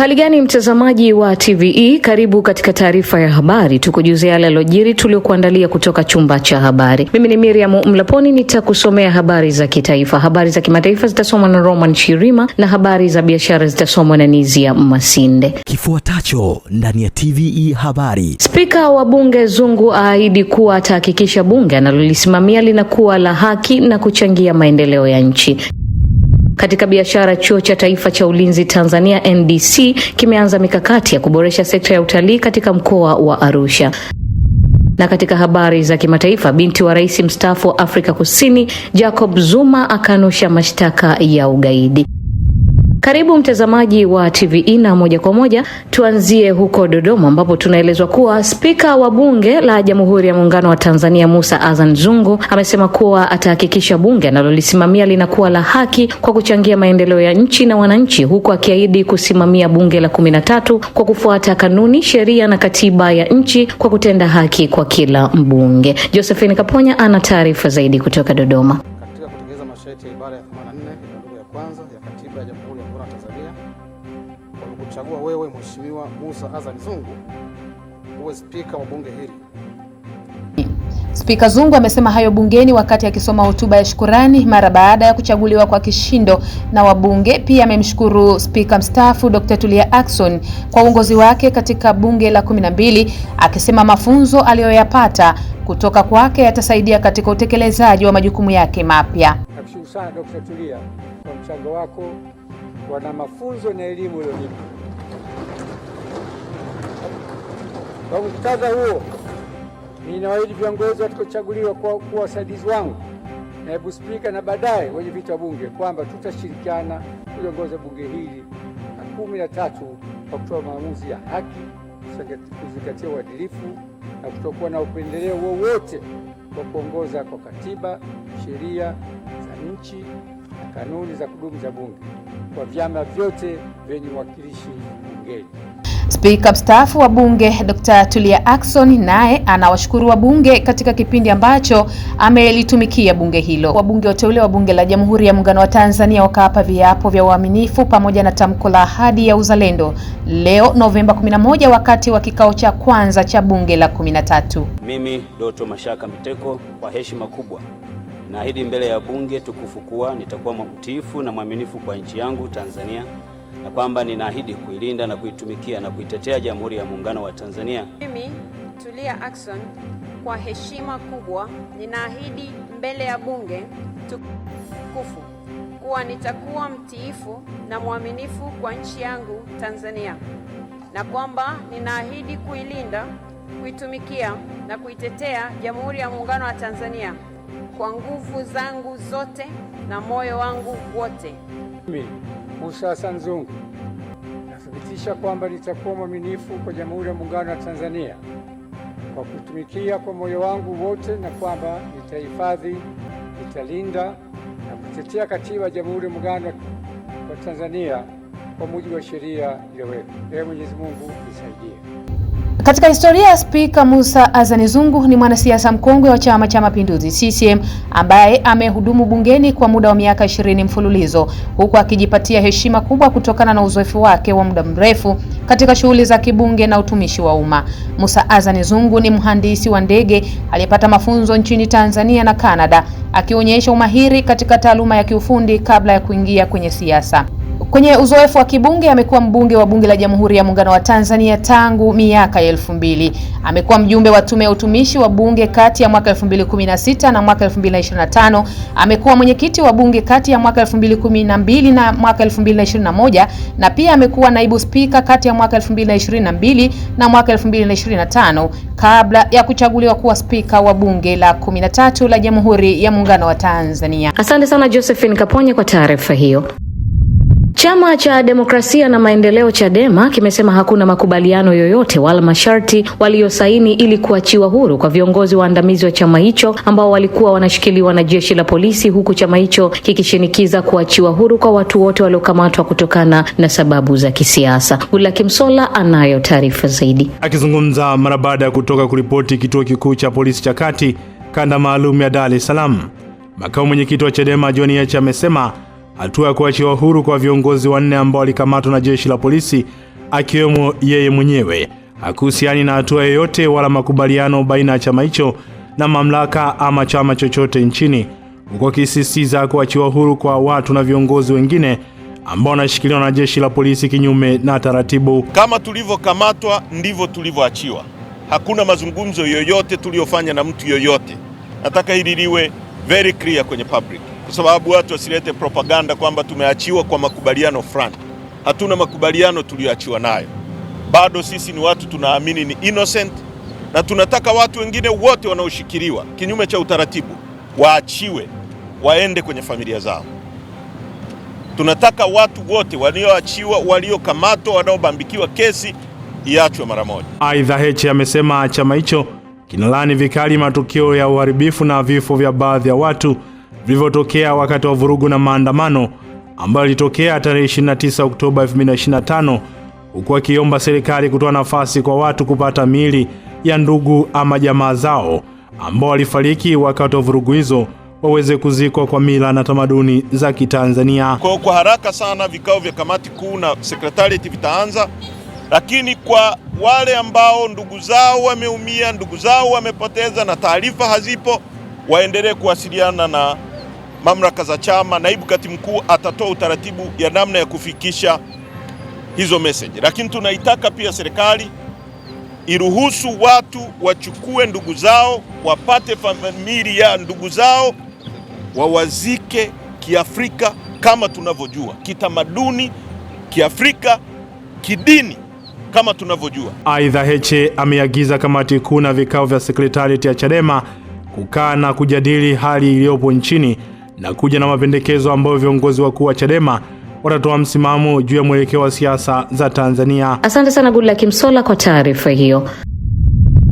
Uhali gani mtazamaji wa TVE, karibu katika taarifa ya habari, tukujuze yale yalojiri tuliokuandalia kutoka chumba cha habari. Mimi ni Miriam Mlaponi, nitakusomea habari za kitaifa. Habari za kimataifa zitasomwa na Roman Shirima na habari za biashara zitasomwa na Nizia Masinde. Kifuatacho ndani ya TVE habari. Spika wa bunge Zungu aahidi kuwa atahakikisha bunge analolisimamia linakuwa la haki na kuchangia maendeleo ya nchi. Katika biashara, Chuo cha Taifa cha Ulinzi Tanzania NDC kimeanza mikakati ya kuboresha sekta ya utalii katika mkoa wa Arusha. Na katika habari za kimataifa, binti wa rais mstaafu wa Afrika Kusini Jacob Zuma akanusha mashtaka ya ugaidi. Karibu mtazamaji wa TVE na moja kwa moja tuanzie huko Dodoma ambapo tunaelezwa kuwa spika wa bunge la Jamhuri ya Muungano wa Tanzania Musa Azan Zungu amesema kuwa atahakikisha bunge analolisimamia linakuwa la haki kwa kuchangia maendeleo ya nchi na wananchi, huku akiahidi kusimamia bunge la kumi na tatu kwa kufuata kanuni, sheria na katiba ya nchi kwa kutenda haki kwa kila mbunge. Josephine Kaponya ana taarifa zaidi kutoka Dodoma. Mheshimiwa Musa Azan Zungu uwe spika wa bunge hili. Spika Zungu amesema hayo bungeni wakati akisoma hotuba ya shukurani mara baada ya kuchaguliwa kwa kishindo na wabunge. Pia amemshukuru spika mstaafu Dr. Tulia Ackson kwa uongozi wake katika bunge la 12 akisema mafunzo aliyoyapata kutoka kwake yatasaidia katika utekelezaji wa majukumu yake mapya. Nakushukuru sana Dr. Tulia kwa mchango wako, na mafunzo na elimu kwa muktadha huo, ninawaahidi viongozi watakaochaguliwa kuwa wasaidizi wangu, naibu spika na baadaye wenyeviti wa bunge kwamba tutashirikiana kuliongoza bunge hili la kumi na tatu kwa kutoa maamuzi ya haki, kuzingatia uadilifu na kutokuwa na upendeleo wowote kwa kuongoza kwa katiba, sheria za nchi na kanuni za kudumu za bunge kwa vyama vyote vyenye uwakilishi bungeni. Spika mstaafu wa bunge Dr. Tulia Ackson naye anawashukuru wabunge katika kipindi ambacho amelitumikia bunge hilo. Wabunge wateule wa bunge la Jamhuri ya Muungano wa Tanzania wakaapa viapo vya uaminifu pamoja na tamko la ahadi ya uzalendo leo Novemba 11 wakati wa kikao cha kwanza cha bunge la 13. Mimi Doto Mashaka Mteko, kwa heshima kubwa naahidi mbele ya bunge tukufu kuwa nitakuwa mtiifu na mwaminifu kwa nchi yangu Tanzania na kwamba ninaahidi kuilinda na kuitumikia na kuitetea Jamhuri ya Muungano wa Tanzania. Mimi Tulia Ackson kwa heshima kubwa ninaahidi mbele ya Bunge tukufu kuwa nitakuwa mtiifu na mwaminifu kwa nchi yangu Tanzania na kwamba ninaahidi kuilinda, kuitumikia na kuitetea Jamhuri ya Muungano wa Tanzania kwa nguvu zangu zote na moyo wangu wote. Mimi Musa Hassan Zungu nathibitisha kwamba nitakuwa mwaminifu kwa Jamhuri ya Muungano wa Tanzania kwa kutumikia kwa moyo wangu wote, na kwamba nitahifadhi, nitalinda na kutetea Katiba ya Jamhuri ya Muungano wa Tanzania kwa mujibu wa sheria iliyowekwa. Ee Mwenyezi Mungu nisaidie. Katika historia ya Spika musa azani Zungu ni mwanasiasa mkongwe wa Chama cha Mapinduzi CCM ambaye amehudumu bungeni kwa muda wa miaka 20 mfululizo huku akijipatia heshima kubwa kutokana na uzoefu wake wa muda mrefu katika shughuli za kibunge na utumishi wa umma. musa azani Zungu ni mhandisi wa ndege aliyepata mafunzo nchini Tanzania na Kanada, akionyesha umahiri katika taaluma ya kiufundi kabla ya kuingia kwenye siasa. Kwenye uzoefu wa kibunge amekuwa mbunge wa bunge la Jamhuri ya Muungano wa Tanzania tangu miaka ya elfu mbili. Amekuwa mjumbe wa tume ya utumishi wa bunge kati ya mwaka 2016 na mwaka 2025. Amekuwa mwenyekiti wa bunge kati ya mwaka 2012 na mwaka 2021 na pia amekuwa naibu spika kati ya mwaka 2022 na mwaka 2025 kabla ya kuchaguliwa kuwa spika wa bunge la 13 la Jamhuri ya Muungano wa Tanzania. Asante sana Josephine Kaponye kwa taarifa hiyo. Chama cha Demokrasia na Maendeleo Chadema kimesema hakuna makubaliano yoyote wala masharti waliosaini ili kuachiwa huru kwa viongozi waandamizi wa chama hicho ambao walikuwa wanashikiliwa na jeshi la polisi, huku chama hicho kikishinikiza kuachiwa huru kwa watu wote waliokamatwa kutokana na sababu za kisiasa. Gulaki Kimsola anayo taarifa zaidi. Akizungumza mara baada ya kutoka kuripoti kituo kikuu cha polisi cha kati kanda maalum ya Dar es Salaam, makamu mwenyekiti wa Chadema John Heche amesema hatua ya kuachiwa huru kwa viongozi wanne ambao walikamatwa na jeshi la polisi, akiwemo yeye mwenyewe, hakuhusiani na hatua yoyote wala makubaliano baina ya chama hicho na mamlaka ama chama chochote nchini, huku akisistiza kuachiwa huru kwa watu na viongozi wengine ambao wanashikiliwa na jeshi la polisi kinyume na taratibu. Kama tulivyokamatwa ndivyo tulivyoachiwa. Hakuna mazungumzo yoyote tuliyofanya na mtu yoyote. Nataka hili liwe very clear kwenye public kwa sababu watu wasilete propaganda kwamba tumeachiwa kwa makubaliano fulani. Hatuna makubaliano tuliyoachiwa nayo. Bado sisi ni watu tunaamini ni innocent, na tunataka watu wengine wote wanaoshikiliwa kinyume cha utaratibu waachiwe, waende kwenye familia zao. Tunataka watu wote walioachiwa, waliokamatwa, wanaobambikiwa kesi iachwe mara moja. Aidha, Heche amesema chama hicho kinalani vikali matukio ya uharibifu na vifo vya baadhi ya watu vilivyotokea wakati wa vurugu na maandamano ambayo ilitokea tarehe 29 Oktoba 2025 huku akiomba serikali kutoa nafasi kwa watu kupata miili ya ndugu ama jamaa zao ambao walifariki wakati wa vurugu hizo waweze kuzikwa kwa mila na tamaduni za Kitanzania. Kwa, kwa haraka sana vikao vya kamati kuu na sekretarieti vitaanza, lakini kwa wale ambao ndugu zao wameumia, ndugu zao wamepoteza na taarifa hazipo, waendelee kuwasiliana na mamlaka za chama, naibu katibu mkuu atatoa utaratibu ya namna ya kufikisha hizo message. Lakini tunaitaka pia serikali iruhusu watu wachukue ndugu zao, wapate familia ya ndugu zao, wawazike Kiafrika kama tunavyojua, kitamaduni Kiafrika, kidini kama tunavyojua. Aidha, Heche ameagiza kamati kuu na vikao vya sekretarieti ya Chadema kukaa na kujadili hali iliyopo nchini na kuja na mapendekezo ambayo viongozi wakuu wa Chadema watatoa msimamo juu ya mwelekeo wa siasa za Tanzania. Asante sana Gulla Kimsola kwa taarifa hiyo.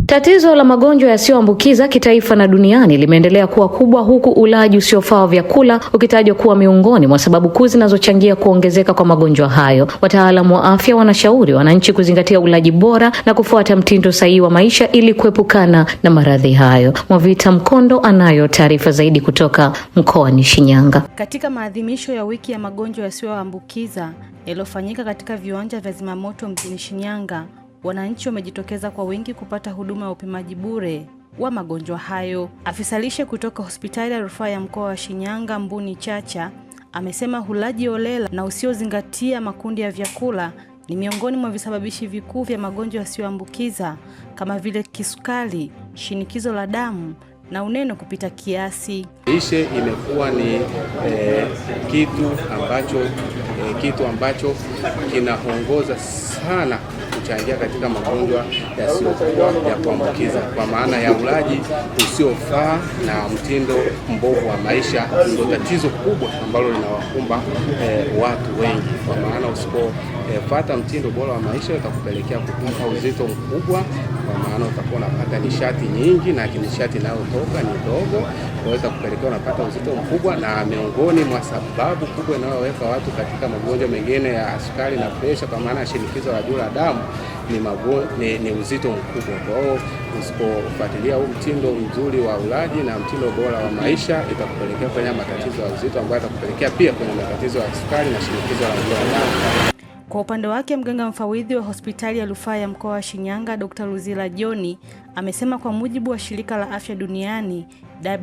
Tatizo la magonjwa yasiyoambukiza kitaifa na duniani limeendelea kuwa kubwa huku ulaji usiofaa wa vyakula ukitajwa kuwa miongoni mwa sababu kuu zinazochangia kuongezeka kwa magonjwa hayo. Wataalamu wa afya wanashauri wananchi kuzingatia ulaji bora na kufuata mtindo sahihi wa maisha ili kuepukana na maradhi hayo. Mwavita Mkondo anayo taarifa zaidi kutoka mkoani Shinyanga. Katika maadhimisho ya wiki ya magonjwa yasiyoambukiza yaliyofanyika katika viwanja vya zimamoto mjini Shinyanga wananchi wamejitokeza kwa wingi kupata huduma ya upimaji bure wa magonjwa hayo. Afisa lishe kutoka hospitali ya rufaa ya mkoa wa Shinyanga, Mbuni Chacha, amesema hulaji holela na usiozingatia makundi ya vyakula ni miongoni mwa visababishi vikuu vya magonjwa yasiyoambukiza kama vile kisukari, shinikizo la damu na uneno kupita kiasi. Lishe imekuwa ni eh, kitu ambacho eh, kitu ambacho kinaongoza sana kuchangia katika magonjwa yasiyokuwa ya kuambukiza kwa maana ya ulaji usiofaa na mtindo mbovu wa maisha, ndio tatizo kubwa ambalo linawakumba eh, watu wengi, kwa maana usipofuata eh, mtindo bora wa maisha utakupelekea kupata uzito mkubwa maana utakuwa unapata nishati nyingi na nishati inayotoka ni ndogo, unaweza kupelekea unapata uzito mkubwa. Na miongoni mwa sababu kubwa inayoweka watu katika magonjwa mengine ya sukari na presha, kwa maana ya shinikizo la juu la damu ni, ni, ni uzito mkubwa. Kwa hiyo usipofuatilia huu mtindo mzuri wa ulaji na mtindo bora wa maisha, itakupelekea kwenye matatizo ya uzito ambayo itakupelekea pia kwenye matatizo ya sukari na shinikizo la juu la damu. Kwa upande wake mganga mfawidhi wa hospitali ya rufaa ya mkoa wa Shinyanga Dr. Luzila joni amesema kwa mujibu wa shirika la afya duniani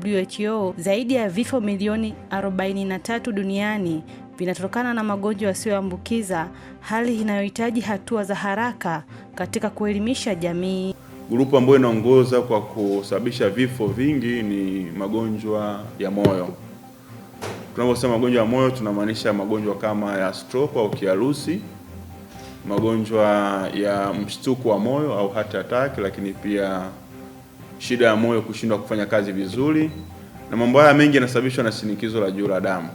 WHO, zaidi ya vifo milioni 43 duniani vinatokana na magonjwa yasiyoambukiza, hali inayohitaji hatua za haraka katika kuelimisha jamii. Grupu ambayo inaongoza kwa kusababisha vifo vingi ni magonjwa ya moyo. Tunaposema magonjwa ya moyo tunamaanisha magonjwa kama ya stroke au kiharusi magonjwa ya mshtuko wa moyo au heart attack, lakini pia shida ya moyo kushindwa kufanya kazi vizuri, na mambo haya mengi yanasababishwa na shinikizo la juu la damu.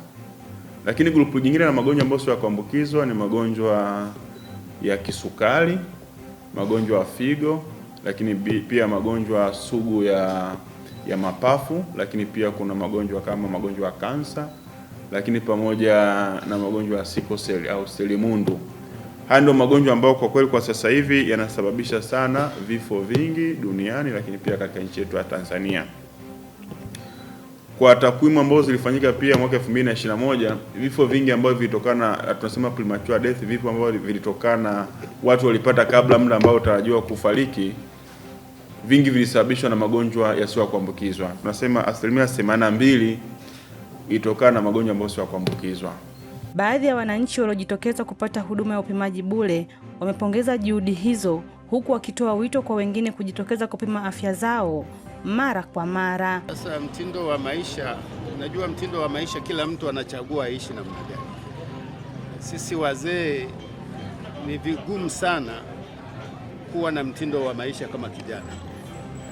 Lakini grupu jingine na magonjwa ambayo sio ya kuambukizwa ni magonjwa ya kisukari, magonjwa ya figo, lakini pia magonjwa sugu ya ya mapafu, lakini pia kuna magonjwa kama magonjwa ya kansa, lakini pamoja na magonjwa ya sikoseli au selimundu. Haya ndio magonjwa ambayo kwa kweli kwa sasa hivi yanasababisha sana vifo vingi duniani, lakini pia katika nchi yetu ya Tanzania. Kwa takwimu ambazo zilifanyika pia mwaka 2021 vifo vingi ambavyo vilitokana, tunasema premature death, vifo ambavyo vilitokana, watu walipata kabla muda ambao utarajiwa kufariki, vingi vilisababishwa na magonjwa yasiyo kuambukizwa. Tunasema asilimia 82 ilitokana na magonjwa ambayo sio kuambukizwa. Baadhi ya wananchi waliojitokeza kupata huduma ya upimaji bure wamepongeza juhudi hizo, huku wakitoa wito kwa wengine kujitokeza kupima afya zao mara kwa mara. Sasa mtindo wa maisha, unajua mtindo wa maisha, kila mtu anachagua aishi namna gani. Sisi wazee ni vigumu sana kuwa na mtindo wa maisha kama kijana.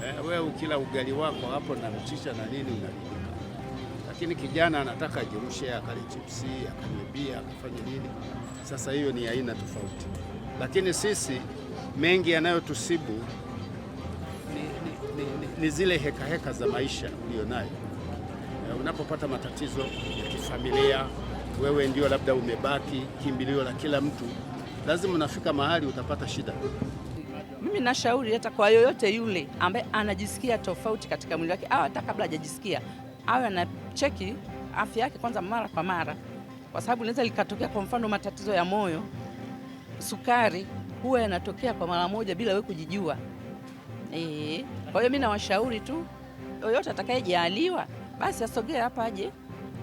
Eh, wewe ukila ugali wako hapo na mchicha na nini unarudi lakini kijana anataka ajirushe akale chipsi bia, akafanye nini. Sasa hiyo ni aina tofauti, lakini sisi mengi yanayotusibu ni, ni, ni, ni, ni zile hekaheka heka za maisha ulionayo. Eh, unapopata matatizo ya kifamilia, wewe ndio labda umebaki kimbilio la kila mtu, lazima unafika mahali utapata shida. Mimi nashauri hata kwa yoyote yule ambaye anajisikia tofauti katika mwili wake au hata kabla hajajisikia awe anacheki afya yake kwanza mara kwa mara, kwa sababu inaweza likatokea kwa mfano matatizo ya moyo, sukari huwa yanatokea kwa mara moja bila wewe kujijua. E, kwa hiyo mimi nawashauri tu yoyote atakayejaliwa basi asogee hapa aje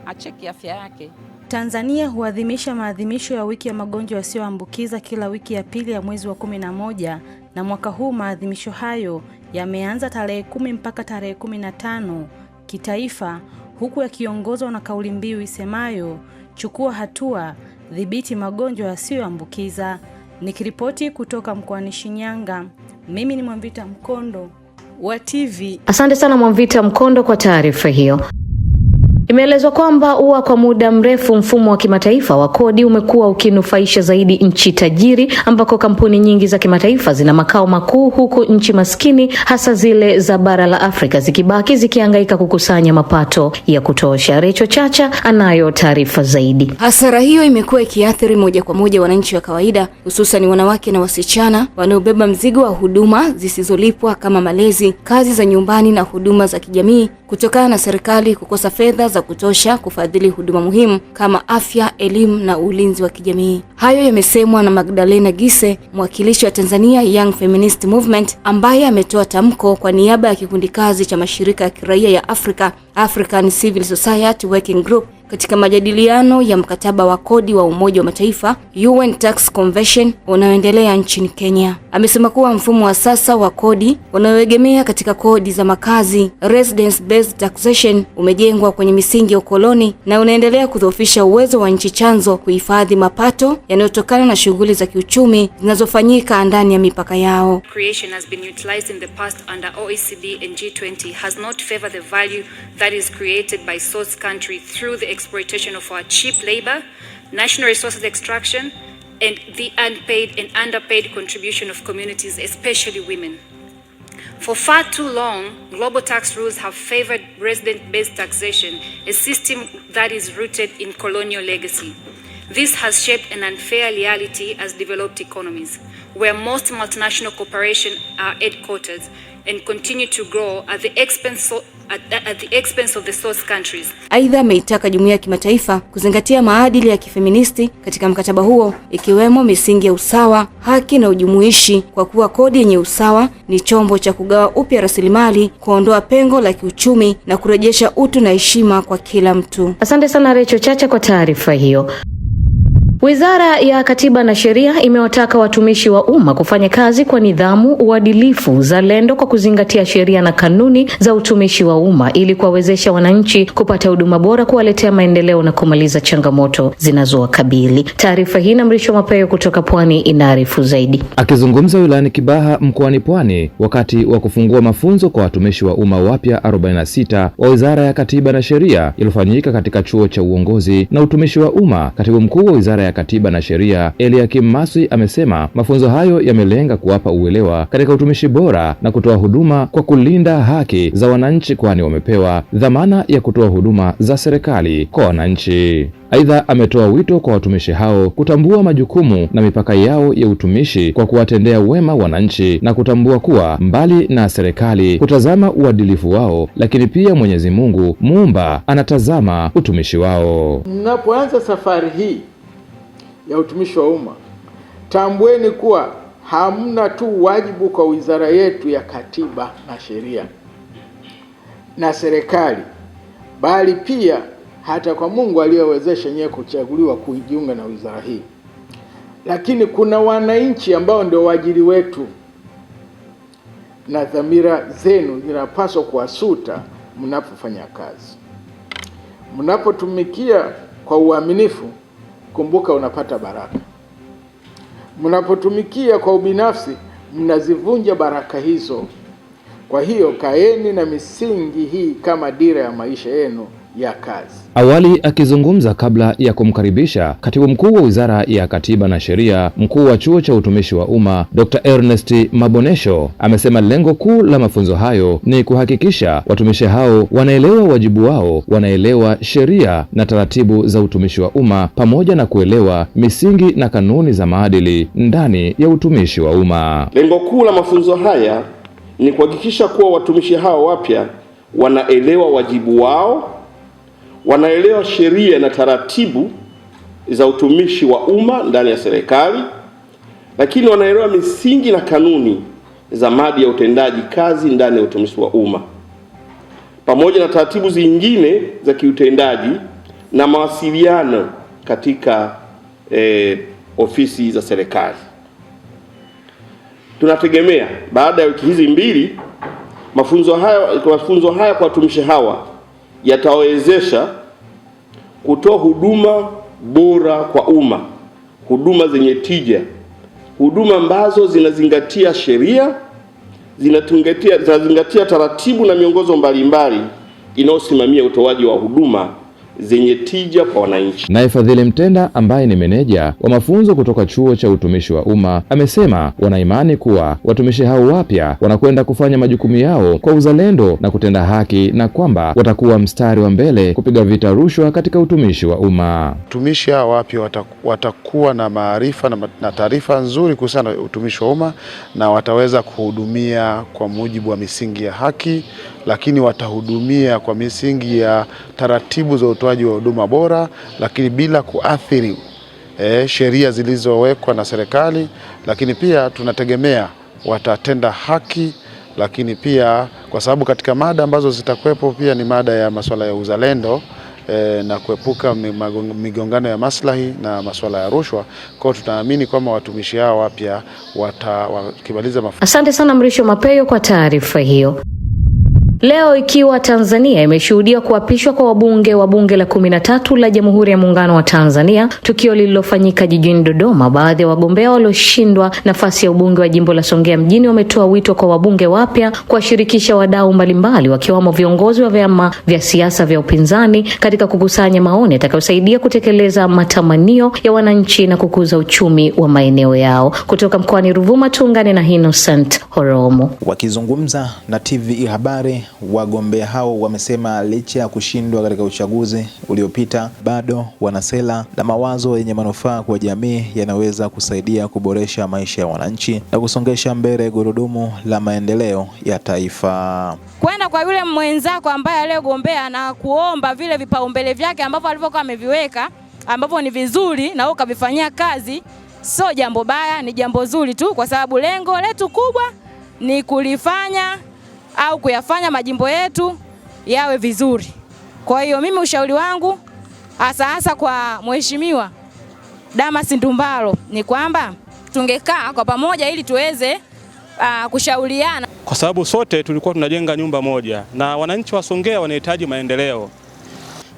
acheki afya yake. Tanzania huadhimisha maadhimisho ya wiki ya magonjwa yasiyoambukiza kila wiki ya pili ya mwezi wa kumi na moja na mwaka huu maadhimisho hayo yameanza tarehe kumi mpaka tarehe kumi na tano kitaifa, huku yakiongozwa na kauli mbiu isemayo chukua hatua, dhibiti magonjwa yasiyoambukiza. Nikiripoti kutoka mkoani Shinyanga, mimi ni Mwamvita Mkondo wa TV. Asante sana Mwamvita Mkondo kwa taarifa hiyo. Imeelezwa kwamba uwa kwa muda mrefu mfumo wa kimataifa wa kodi umekuwa ukinufaisha zaidi nchi tajiri ambako kampuni nyingi za kimataifa zina makao makuu, huku nchi maskini hasa zile za bara la Afrika zikibaki zikihangaika kukusanya mapato ya kutosha. Recho Chacha anayo taarifa zaidi. Hasara hiyo imekuwa ikiathiri moja kwa moja wananchi wa kawaida, hususan wanawake na wasichana wanaobeba mzigo wa huduma zisizolipwa kama malezi, kazi za nyumbani na huduma za kijamii kutokana na serikali kukosa fedha za kutosha kufadhili huduma muhimu kama afya, elimu na ulinzi wa kijamii. Hayo yamesemwa na Magdalena Gise, mwakilishi wa Tanzania Young Feminist Movement, ambaye ametoa tamko kwa niaba ya kikundi kazi cha mashirika ya kiraia ya Afrika, African Civil Society Working Group katika majadiliano ya mkataba wa kodi wa Umoja wa Mataifa UN Tax Convention unaoendelea nchini Kenya. Amesema kuwa mfumo wa sasa wa kodi unaoegemea katika kodi za makazi residence based taxation umejengwa kwenye misingi ya ukoloni na unaendelea kudhoofisha uwezo wa nchi chanzo kuhifadhi mapato yanayotokana na shughuli za kiuchumi zinazofanyika ndani ya mipaka yao. Creation has been utilized in the past under OECD and G20 has not favored the value that is created by source country through the exploitation of our cheap labor, national resources extraction, and the unpaid and underpaid contribution of communities, especially women. For far too long, global tax rules have favored resident based taxation, a system that is rooted in colonial legacy. This has shaped an unfair reality as developed economies, where most multinational corporations are headquartered and continue to grow at the expense Aidha, ameitaka jumuiya ya kimataifa kuzingatia maadili ya kifeministi katika mkataba huo ikiwemo misingi ya usawa, haki na ujumuishi, kwa kuwa kodi yenye usawa ni chombo cha kugawa upya rasilimali, kuondoa pengo la kiuchumi na kurejesha utu na heshima kwa kila mtu. Asante sana Recho Chacha kwa taarifa hiyo. Wizara ya Katiba na Sheria imewataka watumishi wa umma kufanya kazi kwa nidhamu, uadilifu, zalendo kwa kuzingatia sheria na kanuni za utumishi wa umma ili kuwawezesha wananchi kupata huduma bora, kuwaletea maendeleo na kumaliza changamoto zinazowakabili. Taarifa hii na Mrisho Mapeo kutoka Pwani inaarifu zaidi. Akizungumza wilayani Kibaha mkoani Pwani wakati wa kufungua mafunzo kwa watumishi wa umma wapya 46 wa Wizara ya Katiba na Sheria iliyofanyika katika Chuo cha Uongozi na Utumishi wa Umma, katibu mkuu wa Wizara ya Katiba na Sheria, Eliakim Masi amesema mafunzo hayo yamelenga kuwapa uelewa katika utumishi bora na kutoa huduma kwa kulinda haki za wananchi, kwani wamepewa dhamana ya kutoa huduma za serikali kwa wananchi. Aidha, ametoa wito kwa watumishi hao kutambua majukumu na mipaka yao ya utumishi kwa kuwatendea wema wananchi na kutambua kuwa mbali na serikali kutazama uadilifu wao, lakini pia Mwenyezi Mungu muumba anatazama utumishi wao. Mnapoanza safari hii ya utumishi wa umma, tambueni kuwa hamna tu wajibu kwa wizara yetu ya Katiba na Sheria na serikali, bali pia hata kwa Mungu aliyewezesha nyewe kuchaguliwa kujiunga na wizara hii. Lakini kuna wananchi ambao ndio waajiri wetu, na dhamira zenu zinapaswa kuwasuta mnapofanya kazi, mnapotumikia kwa uaminifu kumbuka unapata baraka. Mnapotumikia kwa ubinafsi, mnazivunja baraka hizo. Kwa hiyo kaeni na misingi hii kama dira ya maisha yenu ya kazi. Awali akizungumza kabla ya kumkaribisha katibu mkuu wa Wizara ya Katiba na Sheria, mkuu wa Chuo cha Utumishi wa Umma Dr. Ernest Mabonesho amesema lengo kuu la mafunzo hayo ni kuhakikisha watumishi hao wanaelewa wajibu wao, wanaelewa sheria na taratibu za utumishi wa umma pamoja na kuelewa misingi na kanuni za maadili ndani ya utumishi wa umma. Lengo kuu la mafunzo haya ni kuhakikisha kuwa watumishi hao wapya wanaelewa wajibu wao wanaelewa sheria na taratibu za utumishi wa umma ndani ya serikali, lakini wanaelewa misingi na kanuni za madi ya utendaji kazi ndani ya utumishi wa umma pamoja na taratibu zingine za kiutendaji na mawasiliano katika eh, ofisi za serikali. Tunategemea baada ya wiki hizi mbili mafunzo haya, mafunzo haya kwa watumishi hawa yatawezesha kutoa huduma bora kwa umma, huduma zenye tija, huduma ambazo zinazingatia sheria, zinazingatia taratibu na miongozo mbalimbali inayosimamia utoaji wa huduma zenye tija kwa wananchi. Naye Fadhili Mtenda ambaye ni meneja wa mafunzo kutoka Chuo cha Utumishi wa Umma amesema wanaimani kuwa watumishi hao wapya wanakwenda kufanya majukumu yao kwa uzalendo na kutenda haki na kwamba watakuwa mstari wa mbele kupiga vita rushwa katika utumishi wa umma. Watumishi hao wapya watakuwa na maarifa na taarifa nzuri kuhusiana na utumishi wa umma na wataweza kuhudumia kwa mujibu wa misingi ya haki lakini watahudumia kwa misingi ya taratibu za utoaji wa huduma bora, lakini bila kuathiri e, sheria zilizowekwa na serikali, lakini pia tunategemea watatenda haki lakini pia kwa sababu katika mada ambazo zitakuwepo pia ni mada ya masuala ya uzalendo e, na kuepuka migongano ya maslahi na masuala ya rushwa. Kwao tunaamini kwamba watumishi hao wapya watakimaliza mafunzo. Asante sana Mrisho Mapeyo kwa taarifa hiyo. Leo ikiwa Tanzania imeshuhudia kuapishwa kwa wabunge wa bunge la kumi na tatu la Jamhuri ya Muungano wa Tanzania, tukio lililofanyika jijini Dodoma, baadhi ya wagombea walioshindwa nafasi ya ubunge wa jimbo la Songea mjini wametoa wito kwa wabunge wapya kuwashirikisha wadau mbalimbali, wakiwamo viongozi wa vyama vya siasa vya upinzani katika kukusanya maoni yatakayosaidia kutekeleza matamanio ya wananchi na kukuza uchumi wa maeneo yao. Kutoka mkoani Ruvuma, tuungane na Innocent Horomo wakizungumza na TV e Habari wagombea hao wamesema licha ya kushindwa katika uchaguzi uliopita, bado wana sera na mawazo yenye manufaa kwa jamii yanaweza kusaidia kuboresha maisha ya wananchi na kusongesha mbele gurudumu la maendeleo ya taifa. Kwenda kwa yule mwenzako ambaye aliyogombea na kuomba vile vipaumbele vyake ambavyo alivyokuwa ameviweka ambavyo ni vizuri na wewe ukavifanyia kazi, sio jambo baya, ni jambo zuri tu, kwa sababu lengo letu kubwa ni kulifanya au kuyafanya majimbo yetu yawe vizuri. Kwa hiyo mimi ushauri wangu hasa hasa kwa Mheshimiwa Damas Ndumbaro ni kwamba tungekaa kwa pamoja ili tuweze uh, kushauriana kwa sababu sote tulikuwa tunajenga nyumba moja na wananchi wa Songea wanahitaji maendeleo.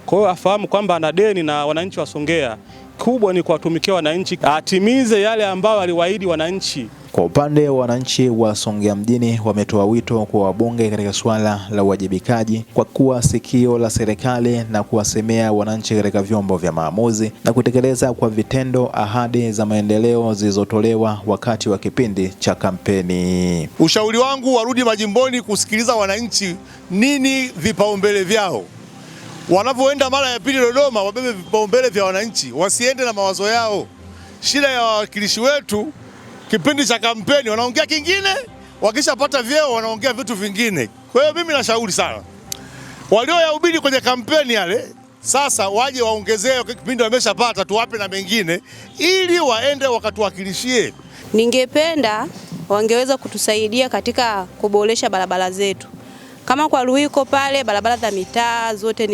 Kwa hiyo afahamu kwamba ana deni na wananchi wa Songea, kubwa ni kuwatumikia wananchi, atimize yale ambayo aliwaahidi wananchi. Kwa upande wa wananchi wa Songea mjini, wametoa wito kwa wabunge katika suala la uwajibikaji kwa kuwa sikio la serikali na kuwasemea wananchi katika vyombo vya maamuzi na kutekeleza kwa vitendo ahadi za maendeleo zilizotolewa wakati wa kipindi cha kampeni. Ushauri wangu warudi majimboni kusikiliza wananchi, nini vipaumbele vyao. Wanavyoenda mara ya pili Dodoma, wabebe vipaumbele vya wananchi, wasiende na mawazo yao. Shida ya wawakilishi wetu kipindi cha kampeni wanaongea kingine, wakishapata vyeo wanaongea vitu vingine. Kwa hiyo mimi nashauri sana walioyahubiri kwenye kampeni yale sasa waje waongezee kipindi wameshapata, tuwape na mengine ili waende wakatuwakilishie. Ningependa wangeweza kutusaidia katika kuboresha barabara zetu, kama kwa Ruiko pale barabara za mitaa zote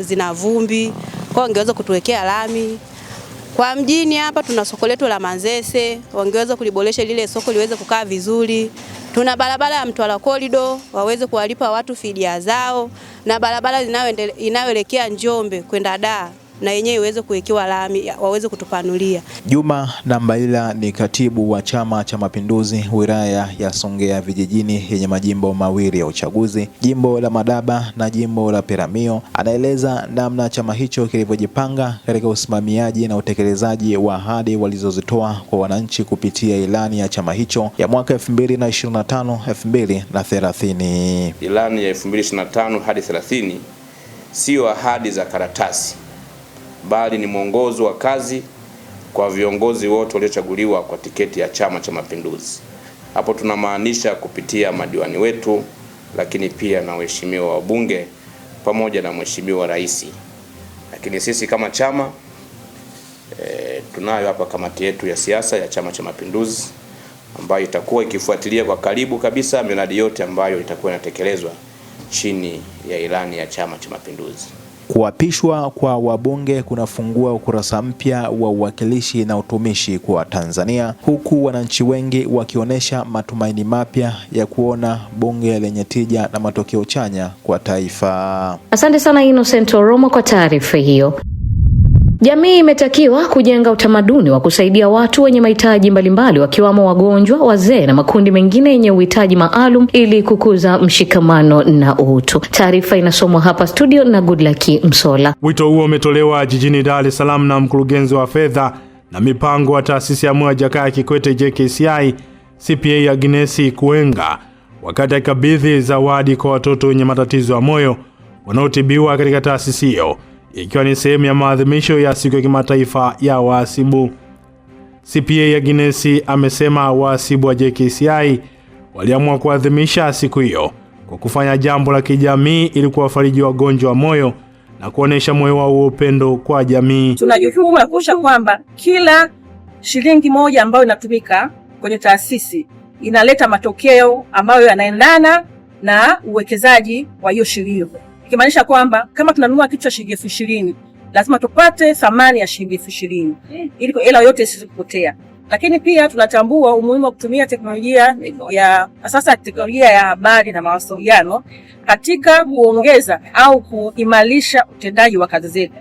zina vumbi, kwa wangeweza kutuwekea lami kwa mjini hapa tuna soko letu la Manzese, wangeweza kuliboresha lile soko liweze kukaa vizuri. Tuna barabara ya Mtwara Corridor, waweze kuwalipa watu fidia zao na barabara inayoelekea Njombe kwenda Dar na yenyewe iweze kuwekewa lami waweze kutupanulia. Juma Nambaila ni katibu wa Chama cha Mapinduzi wilaya ya Songea Vijijini yenye majimbo mawili ya uchaguzi, jimbo la Madaba na jimbo la Peramio, Anaeleza namna chama hicho kilivyojipanga katika usimamiaji na utekelezaji wa ahadi walizozitoa kwa wananchi kupitia ilani ya chama hicho ya mwaka 2025 2030. Ilani ya 2025 hadi 30 sio ahadi za karatasi bali ni mwongozo wa kazi kwa viongozi wote waliochaguliwa kwa tiketi ya Chama cha Mapinduzi. Hapo tunamaanisha kupitia madiwani wetu, lakini pia na waheshimiwa wabunge pamoja na mheshimiwa rais. Lakini sisi kama chama e, tunayo hapa kamati yetu ya siasa ya Chama cha Mapinduzi ambayo itakuwa ikifuatilia kwa karibu kabisa miradi yote ambayo itakuwa inatekelezwa chini ya ilani ya Chama cha Mapinduzi. Kuapishwa kwa wabunge kunafungua ukurasa mpya wa uwakilishi na utumishi kwa Tanzania, huku wananchi wengi wakionyesha matumaini mapya ya kuona bunge lenye tija na matokeo chanya kwa taifa. Asante sana Innocent Oromo kwa taarifa hiyo. Jamii imetakiwa kujenga utamaduni wa kusaidia watu wenye mahitaji mbalimbali wakiwamo wagonjwa, wazee na makundi mengine yenye uhitaji maalum ili kukuza mshikamano na utu. Taarifa inasomwa hapa studio na Goodluck Msola. Wito huo umetolewa jijini Dar es Salaam na mkurugenzi wa fedha na mipango wa taasisi ya Mwaya Jakaya Kikwete JKCI CPA Agnesi Kuenga wakati akabidhi zawadi kwa watoto wenye matatizo ya moyo wanaotibiwa katika taasisi hiyo ikiwa ni sehemu ya maadhimisho ya siku ya kimataifa ya wahasibu. CPA ya Ginesi amesema wahasibu wa JKCI waliamua kuadhimisha siku hiyo kwa kufanya jambo la kijamii ili kuwafariji wagonjwa wa moyo na kuonesha moyo wao wa upendo kwa jamii. Tuna jukumu la kuhakikisha kwamba kila shilingi moja ambayo inatumika kwenye taasisi inaleta matokeo ambayo yanaendana na uwekezaji wa hiyo shilingi ikimaanisha kwamba kama tunanunua kitu cha shilingi elfu ishirini lazima tupate thamani ya shilingi elfu ishirini ili hela yote isiweze kupotea. Lakini pia tunatambua umuhimu wa kutumia teknolojia ya sasa, teknolojia ya habari na mawasiliano katika kuongeza au kuimarisha utendaji wa kazi zetu.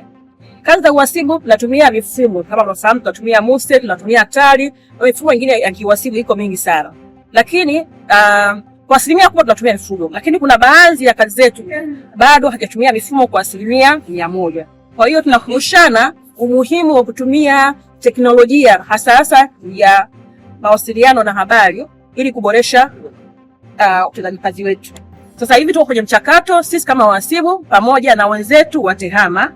Kazi za uhasibu tunatumia mifumo kama mnafahamu, tunatumia Muse, tunatumia TALI na mifumo mingine ya kiuhasibu iko mingi sana, lakini uh, kwa asilimia kubwa tunatumia mifumo, lakini kuna baadhi ya kazi zetu bado hatujatumia mifumo kwa asilimia mia moja. Kwa hiyo tunakumbushana umuhimu wa kutumia teknolojia hasa hasa ya mawasiliano na habari ili kuboresha uh, utendaji uh, kazi wetu. Sasa hivi tuko kwenye mchakato sisi kama wasibu pamoja na wenzetu wa TEHAMA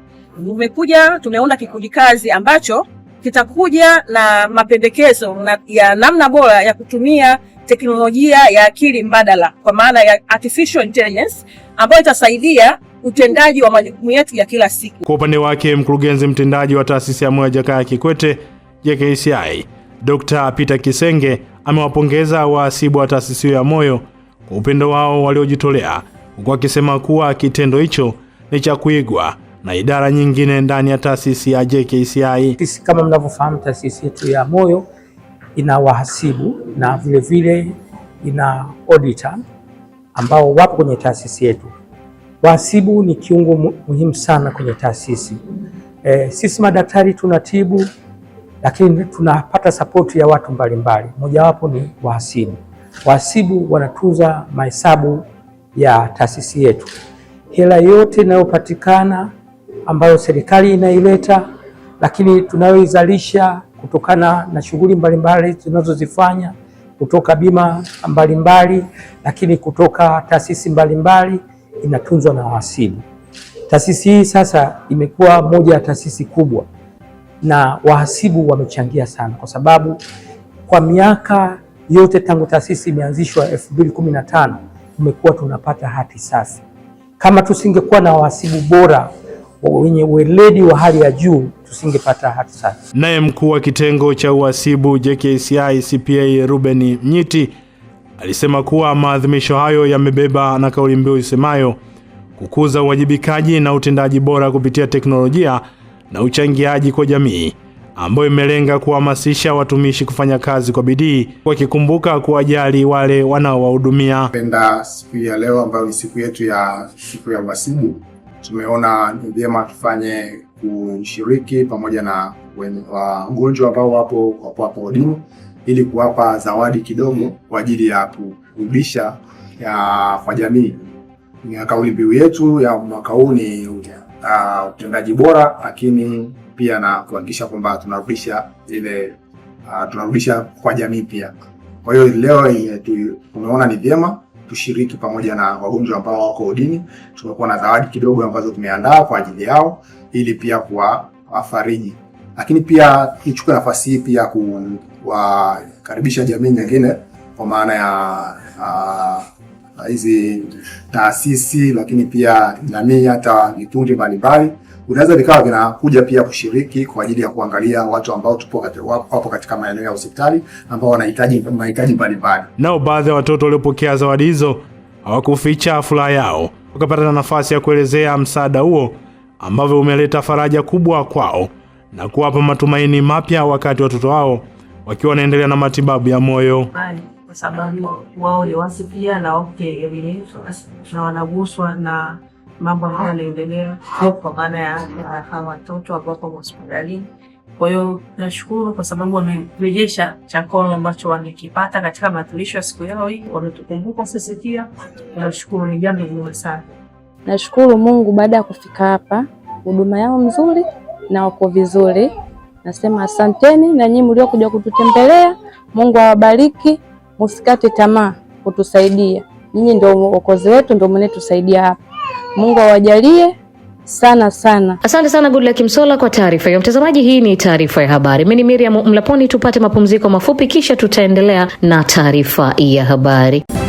umekuja tumeunda kikundi kazi ambacho kitakuja na mapendekezo na, ya namna bora ya kutumia teknolojia ya akili mbadala kwa maana ya artificial intelligence ambayo itasaidia utendaji wa majukumu yetu ya kila siku. Kwa upande wake, mkurugenzi mtendaji wa taasisi ya moyo Jakaya Kikwete JKCI Dr. Peter Kisenge amewapongeza waasibu wa taasisi ya moyo kwa upendo wao waliojitolea, huku akisema kuwa kitendo hicho ni cha kuigwa na idara nyingine ndani ya taasisi ya JKCI. Sisi kama mnavyofahamu, taasisi yetu ya moyo ina wahasibu na vilevile vile ina auditor ambao wapo kwenye taasisi yetu. Wahasibu ni kiungo muhimu sana kwenye taasisi e, sisi madaktari tunatibu, lakini tunapata sapoti ya watu mbalimbali, mojawapo ni wahasibu. Wahasibu wanatunza mahesabu ya taasisi yetu, hela yote inayopatikana ambayo serikali inaileta, lakini tunayoizalisha kutokana na shughuli mbalimbali tunazozifanya kutoka bima mbalimbali mbali, lakini kutoka taasisi mbalimbali inatunzwa na wahasibu. Taasisi hii sasa imekuwa moja ya taasisi kubwa na wahasibu wamechangia sana, kwa sababu kwa miaka yote tangu taasisi imeanzishwa 2015 umekuwa tunapata hati safi. Kama tusingekuwa na wahasibu bora wenye weledi wa hali ya juu tusingepata hati sasa. Naye mkuu wa kitengo cha uhasibu JKCI CPA Ruben Mnyiti alisema kuwa maadhimisho hayo yamebeba na kauli mbiu isemayo kukuza uwajibikaji na utendaji bora kupitia teknolojia na uchangiaji kwa jamii, ambayo imelenga kuhamasisha watumishi kufanya kazi kwa bidii, wakikumbuka kuwajali wale wanaowahudumia. Penda siku ya leo ambayo ni siku yetu ya siku ya uhasibu tumeona ni vyema tufanye kushiriki pamoja na wagonjwa ambao wapo wapo hapo wodini ili kuwapa zawadi kidogo kwa ajili ya kurudisha kwa jamii. Kauli mbiu yetu ya mwaka huu ni uh, utendaji bora, lakini pia na kuhakikisha kwamba tunarudisha ile uh, tunarudisha kwa jamii pia. Kwa hiyo leo eh, tumeona ni vyema kushiriki pamoja na wagonjwa ambao wako udini. Tumekuwa na zawadi kidogo ambazo tumeandaa kwa ajili yao ili pia kuwafariji, lakini pia nichukue nafasi hii pia kuwakaribisha jamii nyingine kwa maana ya hizi taasisi, lakini pia jamii hata vikundi mbalimbali Unaweza vikawa vinakuja pia kushiriki kwa ajili ya kuangalia watu ambao tupo wapo katika maeneo ya hospitali ambao wanahitaji mahitaji mbalimbali. Nao baadhi ya watoto waliopokea zawadi hizo hawakuficha furaha yao, wakapata nafasi ya kuelezea msaada huo ambavyo umeleta faraja kubwa kwao na kuwapa matumaini mapya, wakati watoto wao wakiwa wanaendelea na matibabu ya moyo kwa sababu wao ni wasi pia na wake elimu na wanaguswa na mambo ambayo yanaendelea kwa maana ya hawa watoto ambao kwa hospitalini. Kwa hiyo nashukuru kwa sababu wamerejesha chakolo ambacho wamekipata katika maturisho ya siku yao hii, wametukumbuka sisi pia. Nashukuru, ni jambo zuri sana. Nashukuru Mungu, baada ya kufika hapa, huduma yao nzuri na wako vizuri. Nasema asanteni na nyinyi mliokuja kututembelea. Mungu awabariki, msikate tamaa kutusaidia. Nyinyi ndio uokozi wetu, ndio mnetusaidia hapa. Mungu awajalie sana sana. Asante sana Luck msola kwa taarifa hiyo. Mtazamaji, hii ni taarifa ya habari. Mimi ni Miriam Mlaponi, tupate mapumziko mafupi, kisha tutaendelea na taarifa ya habari.